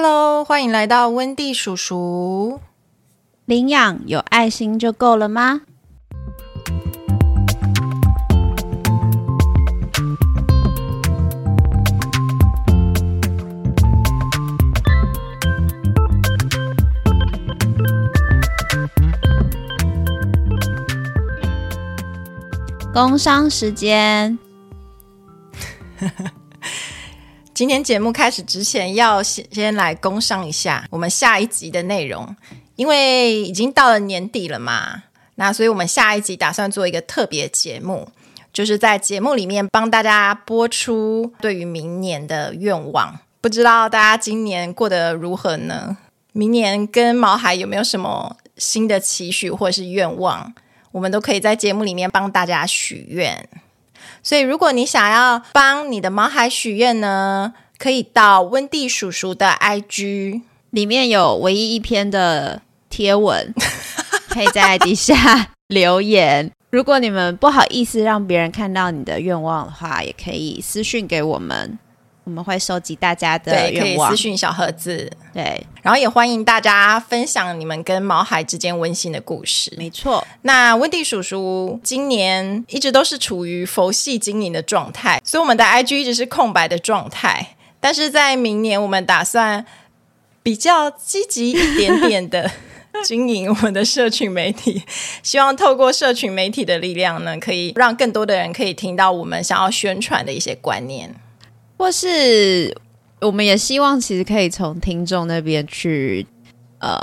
Hello，歡迎來到溫蒂叔叔。領養有愛心就夠了嗎？ 工商時間。 今天節目開始之前，要先先來工商一下我們下一集的內容，因為已經到了年底了嘛，那所以我們下一集打算做一個特別節目，就是在節目裡面幫大家播出對於明年的願望。不知道大家今年過得如何呢？明年跟毛孩有沒有什麼新的期許或是願望？我們都可以在節目裡面幫大家許願。所以，如果你想要幫你的毛孩許願呢，可以到溫蒂叔叔的 IG 裡面有唯一一篇的貼文， 可以在底下留言。如果你們不好意思讓別人看到你的願望的話，也可以私訊給我們。我們會收集大家的願望，對，可以私訊小盒子，對。然後也歡迎大家分享你們跟毛孩之間溫馨的故事。沒錯。那溫蒂叔叔今年一直都是處於佛系經營的狀態，所以我們的 IG 一直是空白的狀態。但是在明年，我們打算比較積極一點點的 經營我們的社群媒體，希望透過社群媒體的力量呢，可以讓更多的人可以聽到我們想要宣傳的一些觀念。或是，我們也希望其實可以從聽眾那邊去，呃，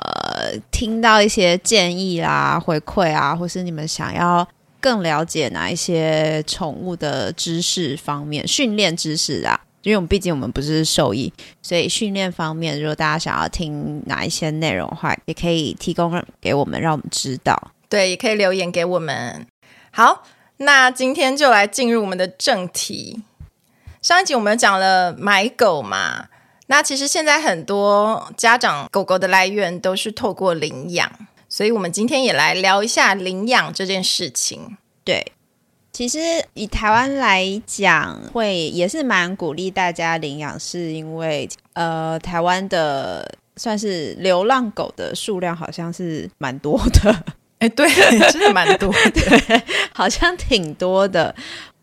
聽到一些建議啦、啊、回饋啊，或是你們想要更了解哪一些寵物的知識方面、訓練知識啊。因為我們畢竟我們不是獸醫，所以訓練方面，如果大家想要聽哪一些內容的話，也可以提供給我們，讓我們知道。對，也可以留言給我們。好，那今天就來進入我們的正題。上一集我們講了買狗嘛，那其實現在很多家長狗狗的來源都是透過領養，所以我們今天也來聊一下領養這件事情。對，其實以台灣來講，會也是蠻鼓勵大家領養，是因為呃，台灣的算是流浪狗的數量好像是蠻多的。哎，對， 真的蠻多的。對，好像挺多的。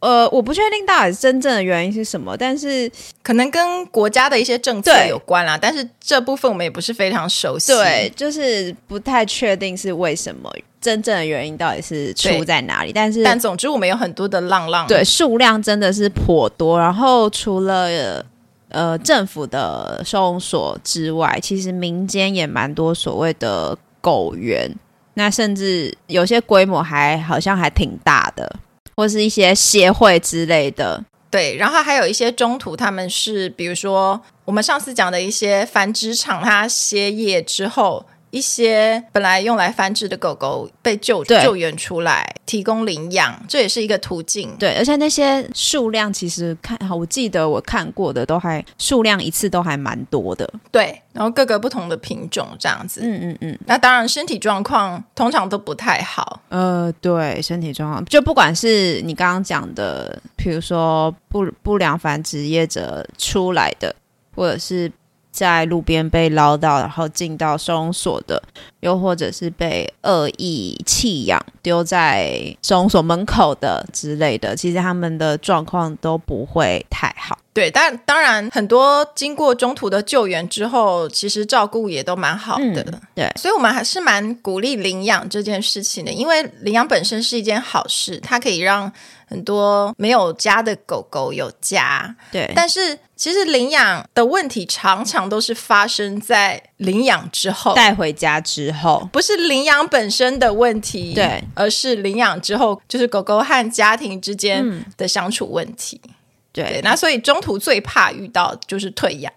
呃，我不確定到底是真正的原因是什麼，但是可能跟國家的一些政策有關啦、啊。對但是這部分我們也不是非常熟悉，對，就是不太確定是為什麼真正的原因到底是出在哪裡。對但是，但總之我們有很多的浪浪，對，數量真的是頗多。然後除了呃政府的收容所之外，其實民間也蠻多所謂的狗園，那甚至有些規模還好像還挺大的。或是一些協會之類的，對，然後還有一些中途，他們是比如說我們上次講的一些繁殖場，它歇業之後。一些本來用來繁殖的狗狗被救對救援出來，提供領養，這也是一個途徑。對，而且那些數量其實看，我記得我看過的都還數量一次都還蠻多的。對，然後各個不同的品種這樣子。嗯嗯嗯。嗯嗯那當然，身體狀況通常都不太好。呃，對，身體狀況就不管是你剛剛講的，比如說不不良繁殖業者出來的，或者是。在路邊被撈到，然後進到收容所的，又或者是被惡意棄養、丟在收容所門口的之類的，其實他們的狀況都不會太好。對，但當然很多經過中途的救援之後，其實照顧也都蠻好的。嗯，對，所以我們還是蠻鼓勵領養這件事情的，因為領養本身是一件好事，它可以讓。很多沒有家的狗狗有家，對，但是其實領養的問題常常都是發生在領養之後，帶回家之後，不是領養本身的問題，對，而是領養之後就是狗狗和家庭之間的相處問題，嗯、對，對。那所以中途最怕遇到就是退養，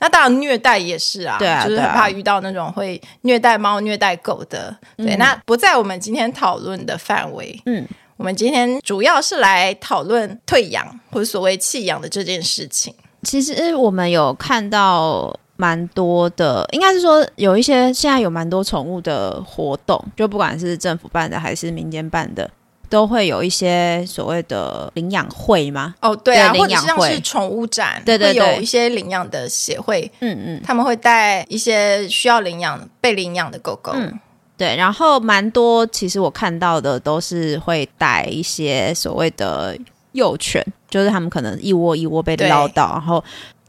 那當然虐待也是啊，對啊，就是很怕遇到那種會虐待貓、虐待狗的，嗯、對。那不在我們今天討論的範圍，嗯。我們今天主要是來討論退養或者所謂棄養的這件事情。其實我們有看到蠻多的，應該是說有一些現在有蠻多寵物的活動，就不管是政府辦的還是民間辦的，都會有一些所謂的領養會嘛？哦，對啊，對，或者是像是寵物展，對對對，有一些領養的協會，嗯嗯，他們會帶一些需要領養、被領養的狗狗。嗯對，然後蠻多，其實我看到的都是會帶一些所謂的幼犬，就是他們可能一窩一窩被撈到，對然後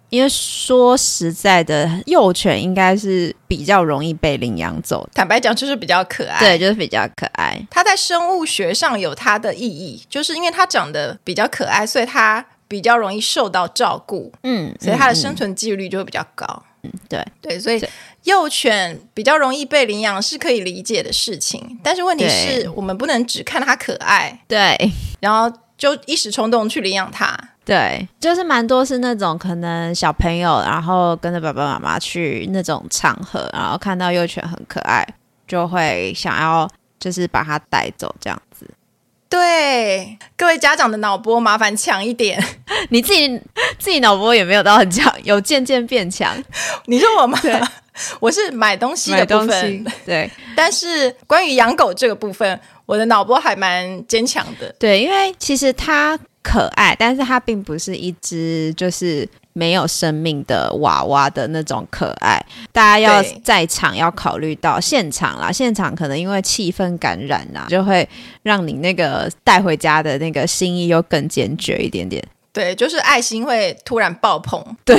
因為說實在的，幼犬應該是比較容易被領養走。坦白講，就是比較可愛，對，就是比較可愛。它在生物學上有它的意義，就是因為它長得比較可愛，所以它比較容易受到照顧，嗯，嗯所以它的生存幾率就會比較高。嗯，對，對，所以。幼犬比較容易被領養，是可以理解的事情。但是問題是對我們不能只看它可愛，對，然後就一時衝動去領養它。對，就是蠻多是那種可能小朋友，然後跟着爸爸媽媽去那種場合，然後看到幼犬很可愛，就會想要就是把它帶走這樣子。對，各位家長的腦波麻煩強一點。 你自己自己腦波也沒有到很強，有漸漸變強。你說我嗎？我是買東西的部分，東西，對，但是關於養狗這個部分，我的腦波還蠻堅強的。對，因為其實它可愛，但是它並不是一隻就是沒有生命的娃娃的那種可愛。大家要在場要考慮到現場啦，對現場可能因為氣氛感染啦，就會讓你那個帶回家的那個心意又更堅決一點點。對，就是愛心會突然爆棚。對，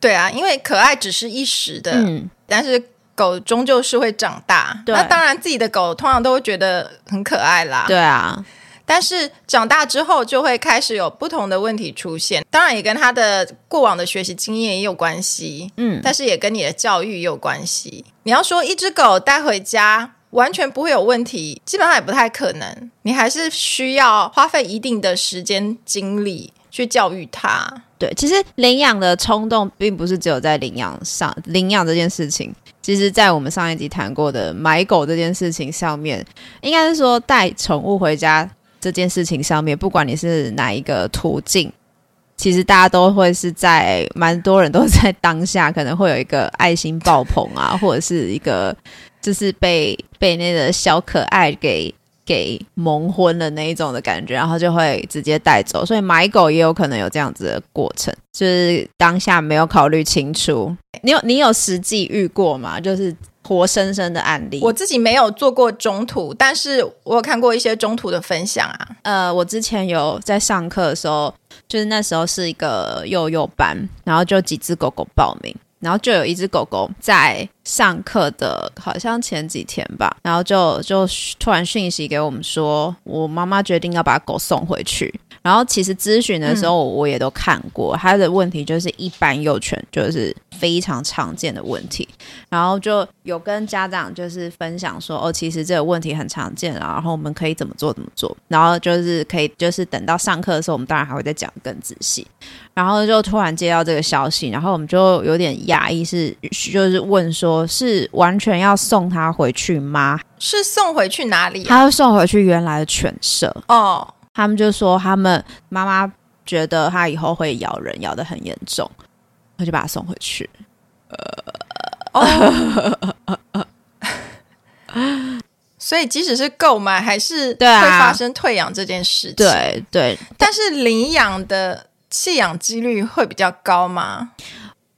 對啊，因為可愛只是一時的，嗯，但是狗終究是會長大。對。那當然，自己的狗通常都會覺得很可愛啦。對啊，但是長大之後就會開始有不同的問題出現。當然，也跟他的過往的學習經驗也有關係。嗯，但是也跟你的教育也有關係。你要說一隻狗帶回家完全不會有問題，基本上也不太可能。你還是需要花費一定的時間精力。去教育他，對，其實領養的衝動並不是只有在領養上，領養這件事情，其實在我們上一集談過的買狗這件事情上面，應該是說帶寵物回家這件事情上面，不管你是哪一個途徑，其實大家都會是在，蠻多人都在當下可能會有一個愛心爆棚啊， 或者是一個就是被被那個小可愛給。給蒙昏的那一種的感覺，然後就會直接帶走，所以買狗也有可能有這樣子的過程，就是當下沒有考慮清楚。你有你有實際遇過嗎？就是活生生的案例。我自己沒有做過中途，但是我有看過一些中途的分享啊。呃，我之前有在上課的時候，就是那時候是一個幼幼班，然後就幾隻狗狗報名。然後就有一隻狗狗在上課的，好像前幾天吧，然後就就突然訊息給我們說，我媽媽決定要把狗送回去。然後其實諮詢的時候，我也都看過、嗯、他的問題，就是一般幼犬就是非常常見的問題。然後就有跟家長就是分享說，哦，其實這個問題很常見，然後我們可以怎麼做怎麼做。然後就是可以就是等到上課的時候，我們當然還會再講更仔細。然後就突然接到這個消息，然後我們就有點訝異，是就是問說，是完全要送他回去嗎？是送回去哪裡、啊？他會送回去原來的犬舍哦。他們就說，他們媽媽覺得他以後會咬人，咬得很嚴重，他就把他送回去。呃、哦， 所以即使是購買，還是會發生退養這件事情對、啊。對對，但是領養的棄養幾率會比較高嗎？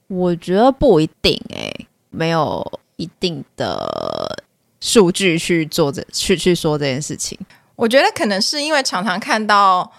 我覺得不一定、欸，哎，沒有一定的數據去做這去去說這件事情。我覺得可能是因為常常看到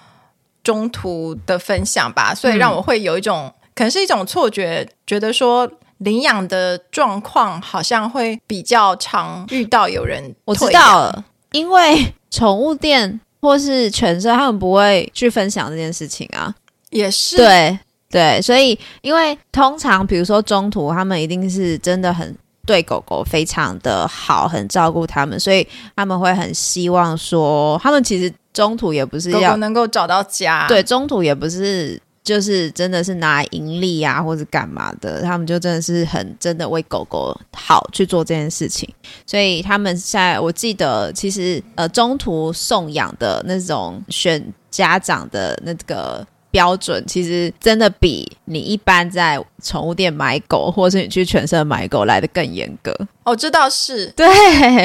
中途的分享吧，所以讓我會有一種可能是一種錯覺，覺得說，領養的狀況好像會比較常遇到有人退養。我知道了，因為寵物店或是犬舍，他們不會去分享這件事情啊。也是，對對，所以因為通常比如說中途，他們一定是真的很。對狗狗非常的好，很照顧他們，所以他們會很希望說，他們其實中途也不是要狗狗能夠找到家，對，中途也不是就是真的是拿盈利啊，或者幹嘛的，他們就真的是很真的為狗狗好去做這件事情，所以他們現在我記得，其實呃中途送養的那種選家長的那個。標準其實真的比你一般在寵物店買狗，或者是你去犬舍買狗來得更嚴格。哦，這倒是對，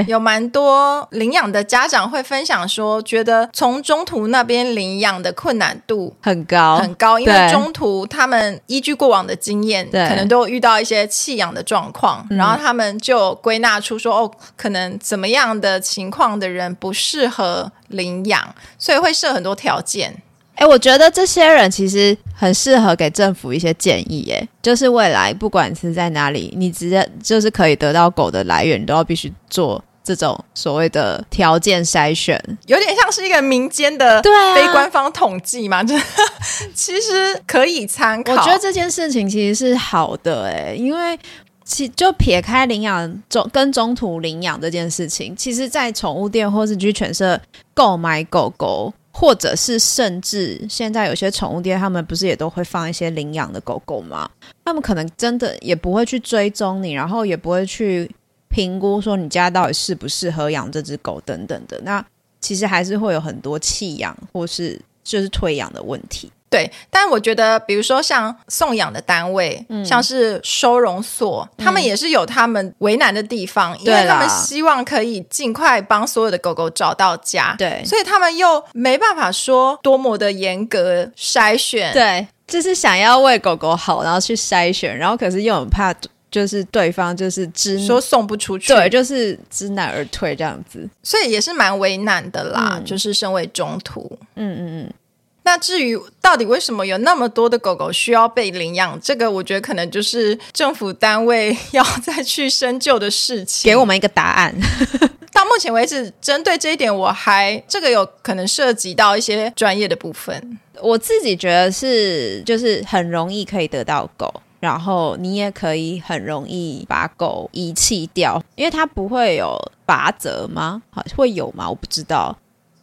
有蠻多領養的家長會分享說，覺得從中途那邊領養的困難度很高，很高，因為中途他們依據過往的經驗，對可能都會遇到一些棄養的狀況，嗯、然後他們就歸納出說，哦，可能怎麼樣的情況的人不適合領養，所以會設很多條件。哎、欸，我覺得這些人其實很適合給政府一些建議，哎，就是未來不管是在哪裡，你直接就是可以得到狗的來源，你都要必須做這種所謂的條件篩選，有點像是一個民間的非官方統計嘛，啊、就其實可以參考。我覺得這件事情其實是好的，哎，因為其就撇開領養中跟中途領養這件事情，其實在寵物店或是去犬舍購買狗狗。或者是甚至現在有些寵物店，他們不是也都會放一些領養的狗狗嗎？他們可能真的也不會去追蹤你，然後也不會去評估說你家到底適不適合養這隻狗等等的。那其實還是會有很多棄養或是就是退養的問題。對，但我覺得，比如說像送養的單位，嗯、像是收容所，他們也是有他們為難的地方，嗯、因為他們希望可以盡快幫所有的狗狗找到家，對、啊，所以他們又沒辦法說多麼的嚴格篩選，對，就是想要為狗狗好，然後去篩選，然後可是又很怕，就是對方就是知說送不出去，對，就是知難而退這樣子，所以也是蠻為難的啦，嗯、就是身為中途，嗯嗯嗯。那至於到底為什麼有那麼多的狗狗需要被領養，這個我覺得可能就是政府單位要再去深究的事情，給我們一個答案。 到目前為止，針對這一點，我還這個有可能涉及到一些專業的部分。我自己覺得是，就是很容易可以得到狗，然後你也可以很容易把狗遺棄掉，因為它不會有罰則嗎？好，會有嗎？我不知道。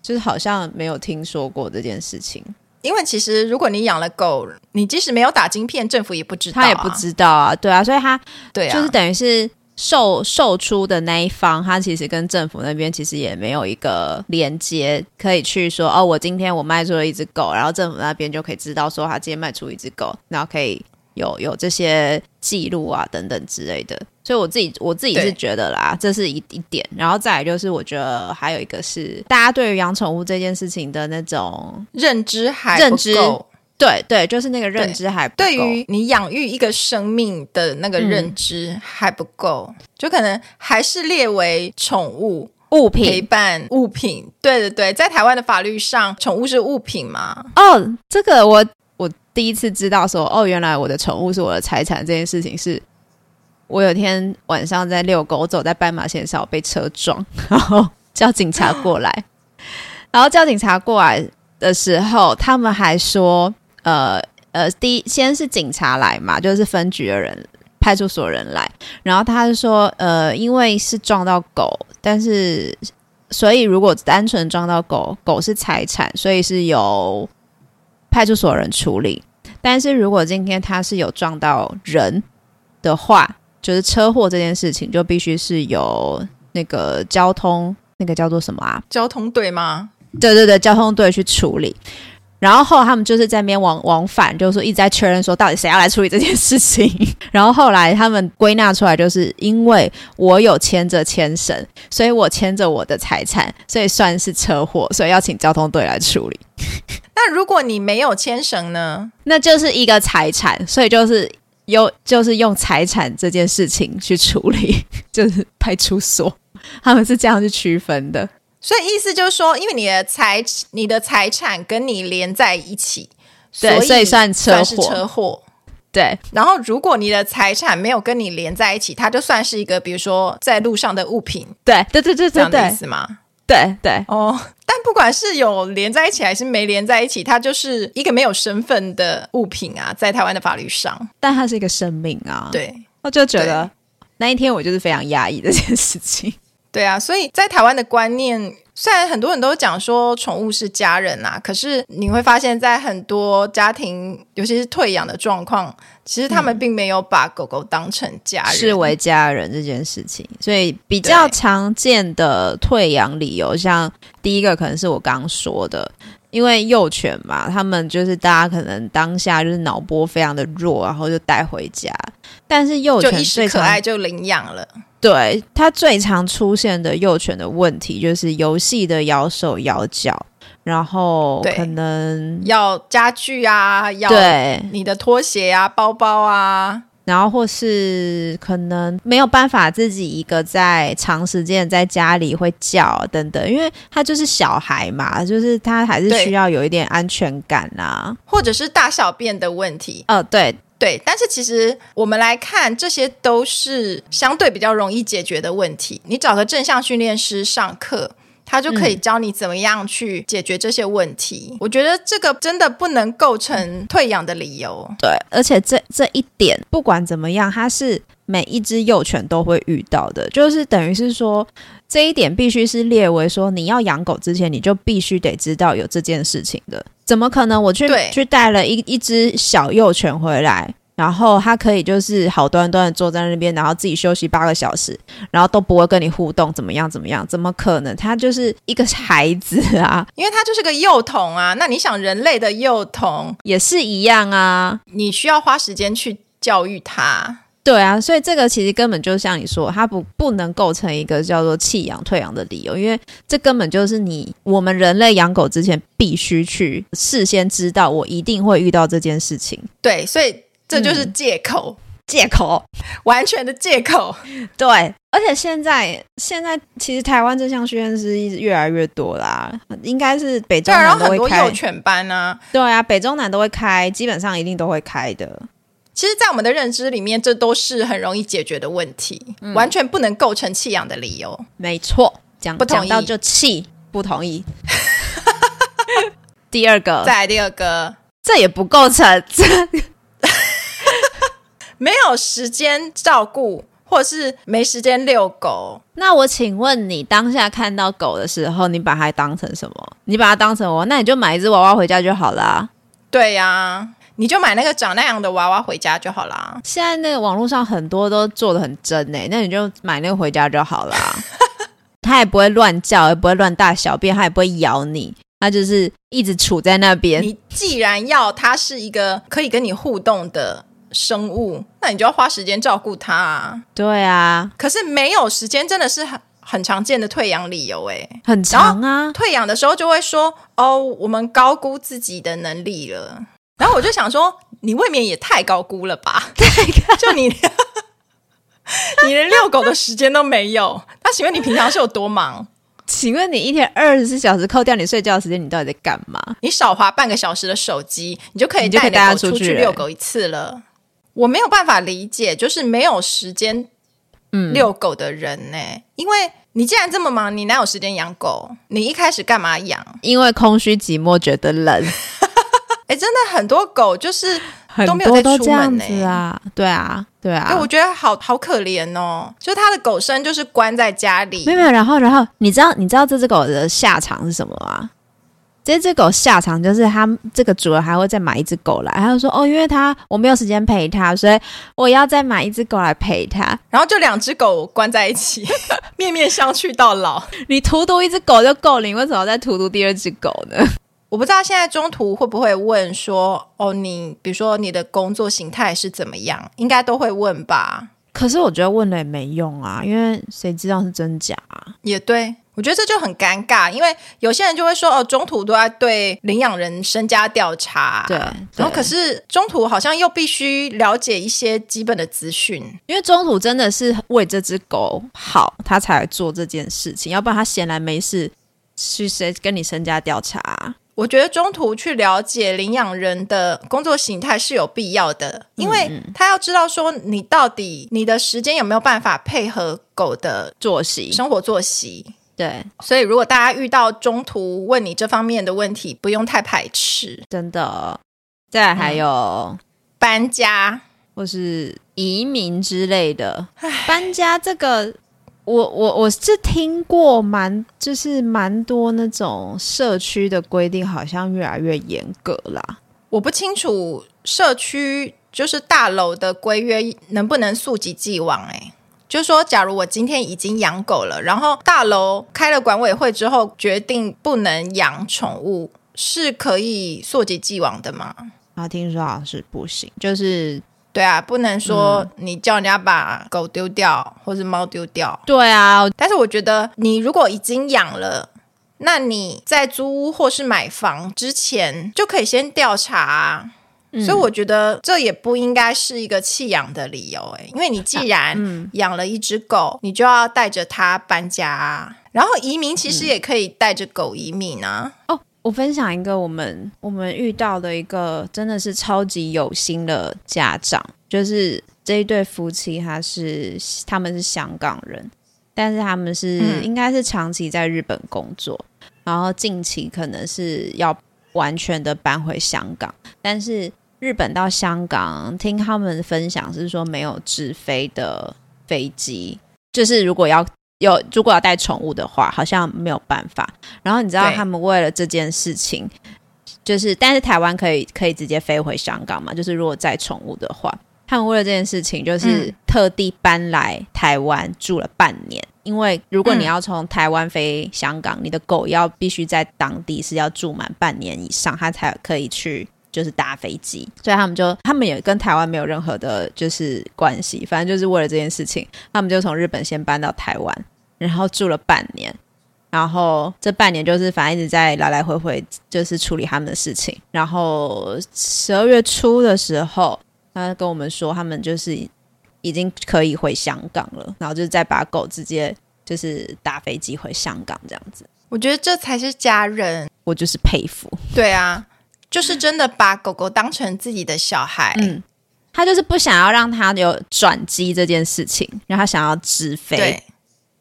就是好像沒有聽說過這件事情，因為其實如果你養了狗，你即使沒有打晶片，政府也不知道啊，他也不知道啊。對啊，所以他對啊，就是等於是售售出的那一方，他其實跟政府那邊其實也沒有一個連接，可以去說哦，我今天我賣出了一隻狗，然後政府那邊就可以知道說他今天賣出一隻狗，然後可以。有有這些記錄啊，等等之類的，所以我自己我自己是覺得啦，對這是一一點，然後再來就是我覺得還有一個是，大家對於養寵物這件事情的那種認知，還不夠，對對，就是那個認知還不夠，對，對於你養育一個生命的那個認知還不夠，嗯，就可能還是列為寵物物品、陪伴物品。對對對，在台灣的法律上，寵物是物品嗎？哦，這個我。我第一次知道說，哦，原來我的寵物是我的財產這件事情是，是我有一天晚上在遛狗，我走在斑馬線上被車撞，然後叫警察過來， 然後叫警察過來的時候，他們還說，呃呃，第一先是警察來嘛，就是分局的人、派出所人來，然後他就說，呃，因為是撞到狗，但是所以如果單純撞到狗狗是財產，所以是由。派出所人處理，但是如果今天他是有撞到人的話，就是車禍這件事情就必須是由那個交通那個叫做什麼啊？交通隊嗎？對對對，交通隊去處理。然後後他們就是在那邊往往返，就是一直在確認說到底誰要來處理這件事情。然後後來他們歸納出來，就是因為我有牽着牽繩，所以我牽着我的財產，所以算是車禍，所以要請交通隊來處理。那如果你沒有牽繩呢？那就是一個財產，所以就是有，就是用財產這件事情去處理，就是派出所他們是這樣去區分的。所以意思就是說，因為你的財你的財產跟你連在一起，對，所以算車禍。算是車禍，對，然後如果你的財產沒有跟你連在一起，它就算是一個比如說在路上的物品。對對，對對對對對，這樣的意思嗎？對對哦。Oh. 但不管是有連在一起還是沒連在一起，它就是一個沒有身份的物品啊，在台灣的法律上，但它是一個生命啊。對，我就覺得對那一天我就是非常壓抑這件事情。對啊，所以在台灣的觀念，雖然很多人都講說寵物是家人啊，可是你會發現在很多家庭，尤其是退養的狀況。其實他們並沒有把狗狗當成家人，視、嗯、為家人這件事情，所以比較常見的退養理由，對像第一個可能是我剛剛說的，因為幼犬嘛，他們就是大家可能當下就是腦波非常的弱，然後就帶回家。但是幼犬最就一時可愛就領養了，對，它最常出現的幼犬的問題就是遊戲的咬手咬腳。然後可能要家具啊，要你的拖鞋啊、對包包啊，然後或是可能沒有辦法自己一個在長時間在家裡會叫等等，因為他就是小孩嘛，就是他還是需要有一點安全感啊，或者是大小便的問題。呃，對對，但是其實我們來看，這些都是相對比較容易解決的問題。你找個正向訓練師上課。他就可以教你怎麼樣去解決這些問題。嗯，我覺得這個真的不能構成退養的理由。對，而且這這一點不管怎麼樣，它是每一只幼犬都會遇到的，就是等於是說這一點必須是列為說，你要養狗之前，你就必須得知道有這件事情的。怎麼可能我去對去帶了一一隻小幼犬回來？然後他可以就是好端端的坐在那邊，然後自己休息八個小時，然後都不會跟你互動，怎麼樣怎麼樣？怎麼可能？他就是一個孩子啊，因為他就是個幼童啊。那你想，人類的幼童也是一樣啊，你需要花時間去教育他。對啊，所以這個其實根本就像你說，他不不能構成一個叫做棄養、退養的理由，因為這根本就是你我們人類養狗之前必須去事先知道，我一定會遇到這件事情。對，所以。這就是借口，嗯、借口，完全的借口。對，而且現在現在其實台灣這項訓練是越來越多啦，應該是北中南都會開。然很多幼犬班啊，對啊，北中南都會開，基本上一定都會開的。其實，在我們的認知裡面，這都是很容易解決的問題，嗯、完全不能構成棄養的理由。沒錯，講不同意講到就棄，不同意。 第二個，再來第二個，這也不構成這。沒有時間照顧，或是沒時間遛狗。那我請問你，當下看到狗的時候，你把它當成什麼？你把它當成我，那你就買一隻娃娃回家就好了。對呀、啊，你就買那個長那樣的娃娃回家就好了。現在那個網絡上很多都做得很真呢、欸。那你就買那個回家就好了。它 也不會亂叫，也不會亂大小便，它也不會咬你，它就是一直杵在那邊。你既然要它是一個可以跟你互動的。生物，那你就要花時間照顧它啊。對啊，可是沒有時間真的是很很常見的退養理由誒，很常啊，退養的時候就會說哦，我們高估自己的能力了。 然後我就想說，你未免也太高估了吧？ 就你， 你連遛狗的時間都沒有。那 請問你平常是有多忙？請問你一天二十四小時扣掉你睡覺的時間，你到底在幹嘛？你少滑半個小時的手機，你就可以，就可以帶，帶大家出去遛了狗一次了。我沒有辦法理解，就是沒有時間，嗯，遛狗的人呢、欸？嗯、因為你既然這麼忙，你哪有時間養狗？你一開始幹嘛養？因為空虛寂寞，覺得冷。 欸、真的很多狗就是都沒有在出門呢、欸。這樣子啊，對啊，對啊。欸、我覺得好好可憐哦，就是牠的狗生就是關在家裡，沒有，沒有。然後，然後，你知道，你知道這只狗的下場是什麼嗎？這隻狗下場就是，它這個主人還會再買一隻狗來。他就說：“哦，因為它我沒有時間陪它，所以我要再買一隻狗來陪它。”然後就兩隻狗關在一起， 面面相覷到老。你荼毒一隻狗就夠了，你為什麼要再荼毒第二隻狗呢？我不知道現在中途會不會問說：“哦，你比如說你的工作形態是怎麼樣？”應該都會問吧。可是我覺得問了也沒用啊，因為誰知道是真假啊。也對。我覺得這就很尷尬，因為有些人就會說哦，中途都在對領養人身家調查，對，對，然後可是中途好像又必須了解一些基本的資訊，因為中途真的是為這隻狗好，他才來做這件事情，要不然他閒來沒事去誰跟你身家調查？我覺得中途去了解領養人的工作形態是有必要的，因為他要知道說你到底你的時間有沒有辦法配合狗的作息、生活作息。對，所以如果大家遇到中途問你這方面的問題，不用太排斥。真的，再來還有、嗯、搬家或是移民之類的。唉，搬家這個，我我我是聽過蠻，蠻就是蠻多那種社區的規定，好像越來越嚴格啦。我不清楚社區就是大樓的規約能不能溯及既往、欸，哎。就是說，假如我今天已經養狗了，然後大樓開了管委會之後決定不能養寵物，是可以溯及既往的嗎？啊，聽說好像是不行，就是，對啊，不能說你叫人家把狗丟掉或是貓丟掉。對啊，但是我覺得你如果已經養了，那你在租屋或是買房之前就可以先調查。所以我覺得這也不應該是一個棄養的理由哎、欸，因為你既然養了一只狗，嗯、你就要帶着它搬家、啊，然後移民其實也可以帶着狗移民啊。嗯、哦，我分享一個我們我們遇到的一個真的是超級有心的家長，就是這一對夫妻，他是他們是香港人，但是他們是、嗯、應該是長期在日本工作，然後近期可能是要完全的搬回香港，但是。日本到香港聽他們分享是說沒有直飛的飛機，就是如果要有如果要帶寵物的話，好像沒有辦法。然後你知道他們為了這件事情，對就是但是台灣可以可以直接飛回香港嘛？就是如果帶寵物的話，他們為了這件事情就是特地搬來台灣住了半年，嗯、因為如果你要從台灣飛香港，嗯、你的狗要必須在當地是要住滿半年以上，它才可以去。就是搭飛機，所以他們就他們也跟台灣沒有任何的，就是關係。反正就是為了這件事情，他們就從日本先搬到台灣，然後住了半年。然後這半年就是反正一直在來來回回，就是處理他們的事情。然後十二月初的時候，他跟我們說他們就是已經可以回香港了，然後就是再把狗直接就是搭飛機回香港這樣子。我覺得這才是家人，我就是佩服。對啊。就是真的把狗狗當成自己的小孩，嗯，他就是不想要讓它有轉機這件事情，然後他想要直飛，對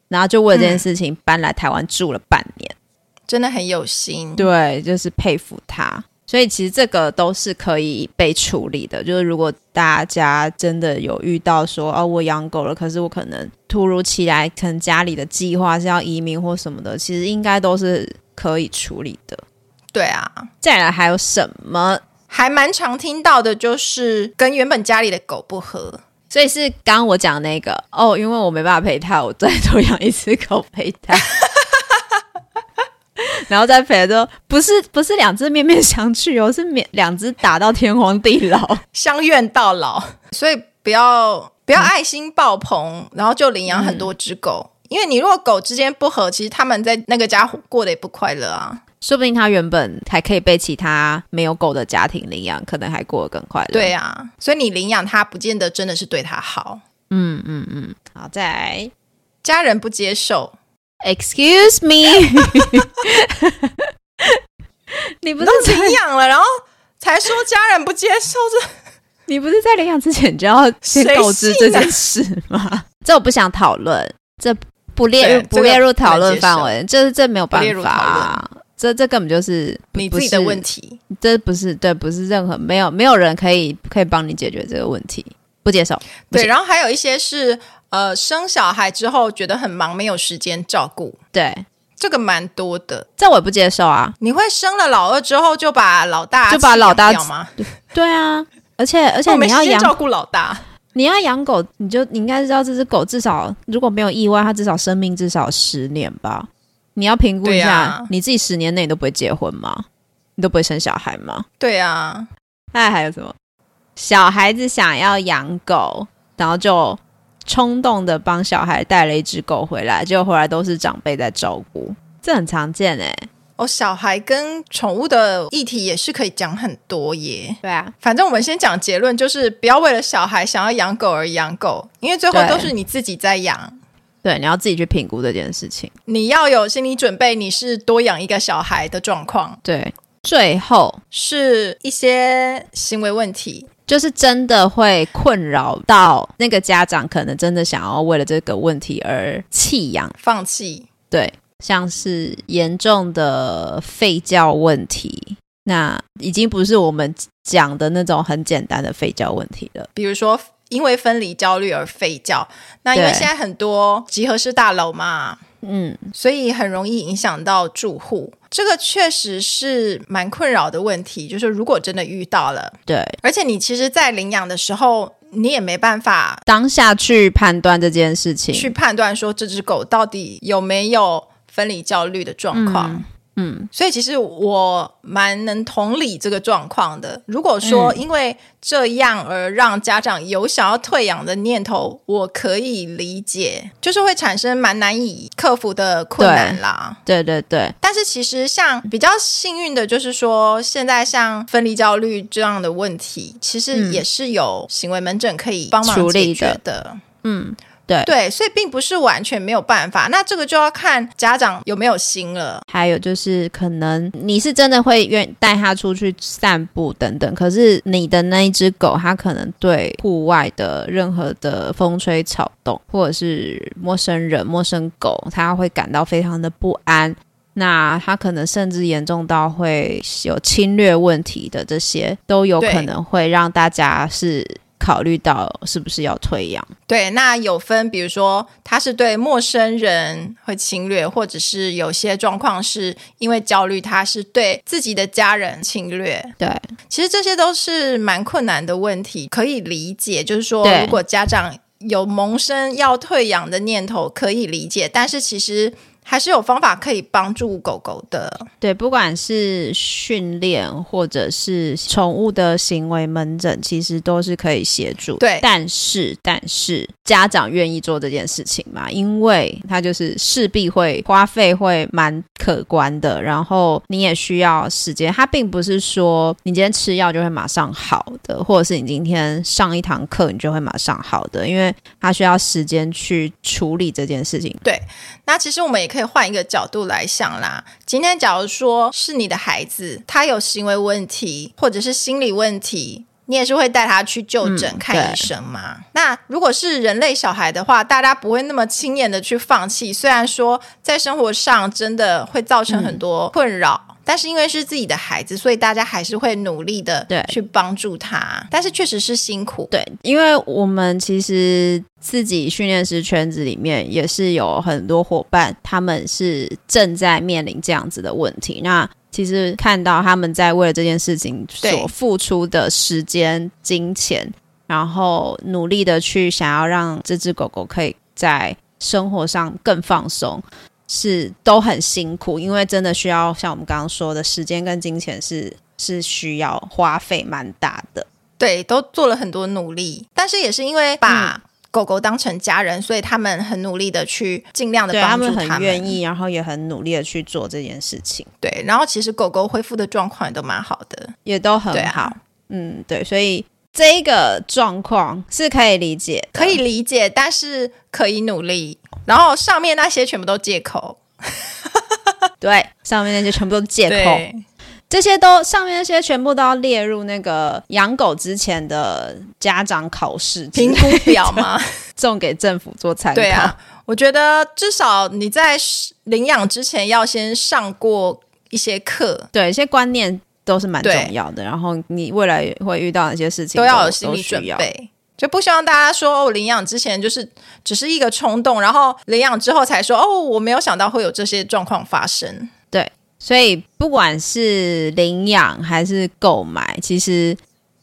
然後就為這件事情搬來台灣住了半年，嗯，真的很有心，對，就是佩服他。所以其實這個都是可以被處理的，就是如果大家真的有遇到說哦，啊，我養狗了，可是我可能突如其來，可能家裡的計劃是要移民或什麼的，其實應該都是可以處理的。對啊，再來還有什麼？還蠻常聽到的，就是跟原本家裡的狗不和，所以是剛剛我講那個哦，因為我沒辦法陪它，我再多養一隻狗陪他， 然後再陪他就不是不是，兩只面面相覷哦，是免兩隻打到天荒地老，相怨到老，所以不要不要愛心爆棚，嗯、然後就領養很多隻狗，嗯、因為你如果狗之間不和，其實他們在那個家過得也不快樂啊。說不定他原本還可以被其他沒有狗的家庭領養，可能還過得更快樂。對啊，所以你領養他，不見得真的是對他好。嗯嗯嗯。好，再來。家人不接受。Excuse me。你不是領養了，然後才說家人不接受，這你不是在領養之前就要先告知這件事嗎？這我不想討論，這不列不列入討論範圍，這是這沒有辦法。這這根本就是你自己的問題，不是，這不是對，不是任何沒有沒有人可以可以幫你解決這個問題，不接受。對，然後還有一些是呃，生小孩之後覺得很忙，沒有時間照顧。對，這個蠻多的，這我也不接受啊！你會生了老二之後就把老大就把老大養嗎？ 對啊，而且而且你要養、哦、照顧老大，你要養狗，你就你應該知道這只狗至少如果沒有意外，它至少生命至少十年吧。你要評估一下，啊、你自己十年內都不會結婚嗎？你都不會生小孩嗎？對呀、啊，那還有什麼？小孩子想要養狗，然後就衝動地幫小孩帶了一只狗回來，結果回來都是長輩在照顧，這很常見誒、欸。哦，小孩跟寵物的議題也是可以講很多耶。對啊，反正我們先講結論，就是不要為了小孩想要養狗而養狗，因為最後都是你自己在養。對，你要自己去評估這件事情。你要有心理準備，你是多養一個小孩的狀況。對，最後是一些行為問題，就是真的會困擾到那個家長，可能真的想要為了這個問題而棄養、放棄。對，像是嚴重的吠叫問題，那已經不是我們講的那種很簡單的吠叫問題了，比如說。因為分離焦慮而吠叫，那因為現在很多集合式大樓嘛，嗯對，所以很容易影響到住戶。這個確實是蠻困擾的問題，就是如果真的遇到了，對，而且你其實，在領養的時候，你也沒辦法當下去判斷這件事情，去判斷說這隻狗到底有沒有分離焦慮的狀況。嗯嗯，所以其實我蠻能同理這個狀況的。如果說因為這樣而讓家長有想要退養的念頭，我可以理解，就是會產生蠻難以克服的困難啦。對，對對對，但是其實像比較幸運的，就是說現在像分離焦慮這樣的問題，其實也是有行為門診可以幫忙解決的。處理的。嗯。對對，所以並不是完全沒有辦法，那這個就要看家長有沒有心了。還有就是，可能你是真的會願意帶他出去散步等等，可是你的那一只狗，它可能對戶外的任何的風吹草動，或者是陌生人、陌生狗，它會感到非常的不安。那它可能甚至嚴重到會有侵略問題的，這些都有可能會讓大家是。考慮到是不是要退養？對，那有分，比如說他是對陌生人會侵略，或者是有些狀況是因為焦慮，他是對自己的家人侵略。對，其實這些都是蠻困難的問題，可以理解。就是說，對如果家長有萌生要退養的念頭，可以理解，但是其實。還是有方法可以幫助狗狗的，對，不管是訓練或者是寵物的行為門診，其實都是可以協助。對，但是，但是。家長願意做這件事情嗎？因為他就是勢必會花費會蠻可觀的，然後你也需要時間。他並不是說你今天吃藥就會馬上好的，或者是你今天上一堂課你就會馬上好的，因為他需要時間去處理這件事情。對，那其實我們也可以換一個角度來想啦。今天假如說是你的孩子，他有行為問題，或者是心理問題。你也是會帶他去就診、嗯、看醫生嗎？那如果是人類小孩的話，大家不會那麼輕易的去放棄。雖然說在生活上真的會造成很多困擾，嗯、但是因為是自己的孩子，所以大家還是會努力的去幫助他。對但是確實是辛苦。對，因為我們其實自己訓練師圈子裡面也是有很多夥伴，他們是正在面臨這樣子的問題。那其實看到他們在為了這件事情所付出的時間、對金錢，然後努力的去想要讓這隻狗狗可以在生活上更放鬆，是都很辛苦，因為真的需要像我們剛剛說的時間跟金錢是是需要花費蠻大的。對，都做了很多努力，但是也是因為把、嗯。狗狗當成家人，所以他們很努力的去盡量的幫助他們，很願意，們然後也很努力的去做這件事情。對，然後其實狗狗恢復的狀況也都蠻好的，也都很好。啊、嗯，對，所以這一個狀況是可以理解，對可以理解，但是可以努力。然後上面那些全部都借口， 對，上面那些全部都借口。這些都上面那些全部都要列入那個養狗之前的家長考試評估表嗎？ 送給政府做參考。對啊，我覺得至少你在領養之前要先上過一些課，對，一些觀念都是蠻重要的。對然後你未來會遇到哪些事情都、都要有心理準備。就不希望大家說，哦，我領養之前就是只是一個衝動，然後領養之後才說哦，我沒有想到會有這些狀況發生。對。所以不管是領養還是購買，其實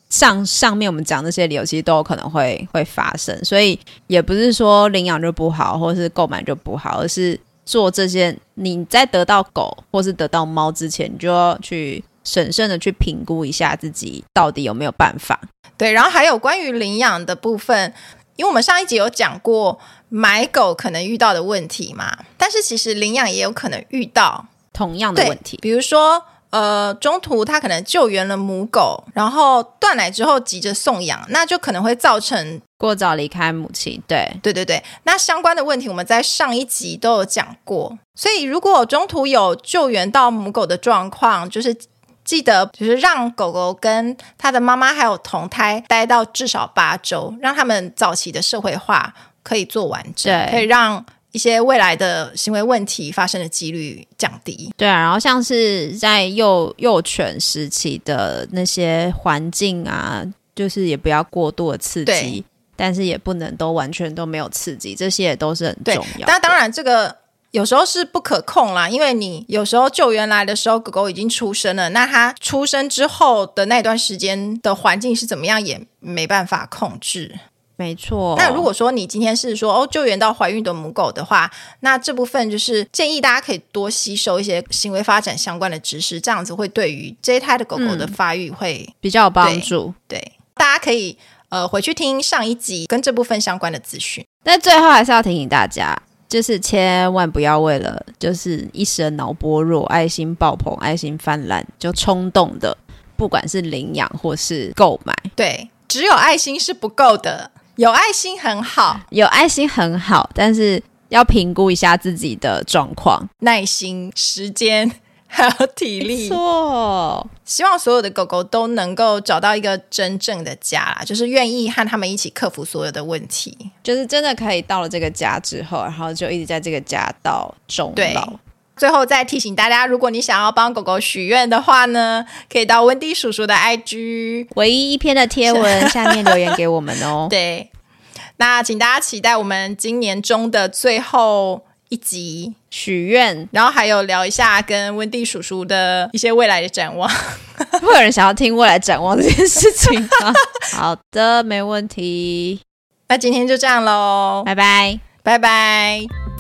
上上面我們講這些理由，其實都有可能會會發生。所以也不是說領養就不好，或是購買就不好，而是做這些你在得到狗或是得到貓之前，就要去審慎的去評估一下自己到底有沒有辦法。對，然後還有關於領養的部分，因為我們上一集有講過買狗可能遇到的問題嘛，但是其實領養也有可能遇到。同樣的問題，比如說，呃，中途他可能救援了母狗，然後斷奶之後急着送養，那就可能會造成過早離開母親。對，對，對，對。那相關的問題我們在上一集都有講過，所以如果中途有救援到母狗的狀況，就是記得就是讓狗狗跟他的媽媽還有同胎待到至少八週，讓他們早期的社會化可以做完整，對可以讓。一些未來的行為問題發生的幾率降低，對啊。然後像是在幼幼犬時期的那些環境啊，就是也不要過度的刺激，對但是也不能都完全都沒有刺激，這些也都是很重要的。那當然，這個有時候是不可控啦，因為你有時候救援來的時候，狗狗已經出生了，那它出生之後的那段時間的環境是怎麼樣，也沒辦法控制。沒錯，那如果說你今天是說哦，救援到懷孕的母狗的話，那這部分就是建議大家可以多吸收一些行為發展相關的知識，這樣子會對於這一胎的狗狗的發育會、嗯、比較有幫助。對。對，大家可以呃回去聽上一集跟這部分相關的資訊。但最後還是要提醒大家，就是千萬不要為了就是一時的腦波弱、愛心爆棚、愛心泛濫就衝動的，不管是領養或是購買，對，只有愛心是不夠的。有愛心很好，有愛心很好，但是要評估一下自己的狀況，耐心、時間還有體力。沒錯，希望所有的狗狗都能夠找到一個真正的家，就是願意和他們一起克服所有的問題，就是真的可以到了這個家之後，然後就一直在這個家到終老。最後再提醒大家，如果你想要幫狗狗許願的話呢，可以到溫迪叔叔的 IG 唯一一篇的貼文下面留言給我們哦。 對。那請大家期待我們今年中的最後一集許願，然後還有聊一下跟溫蒂叔叔的一些未來的展望。會有人想要聽未來展望這件事情嗎？ 好的，沒問題。那今天就這樣嘍，拜拜 bye，拜拜。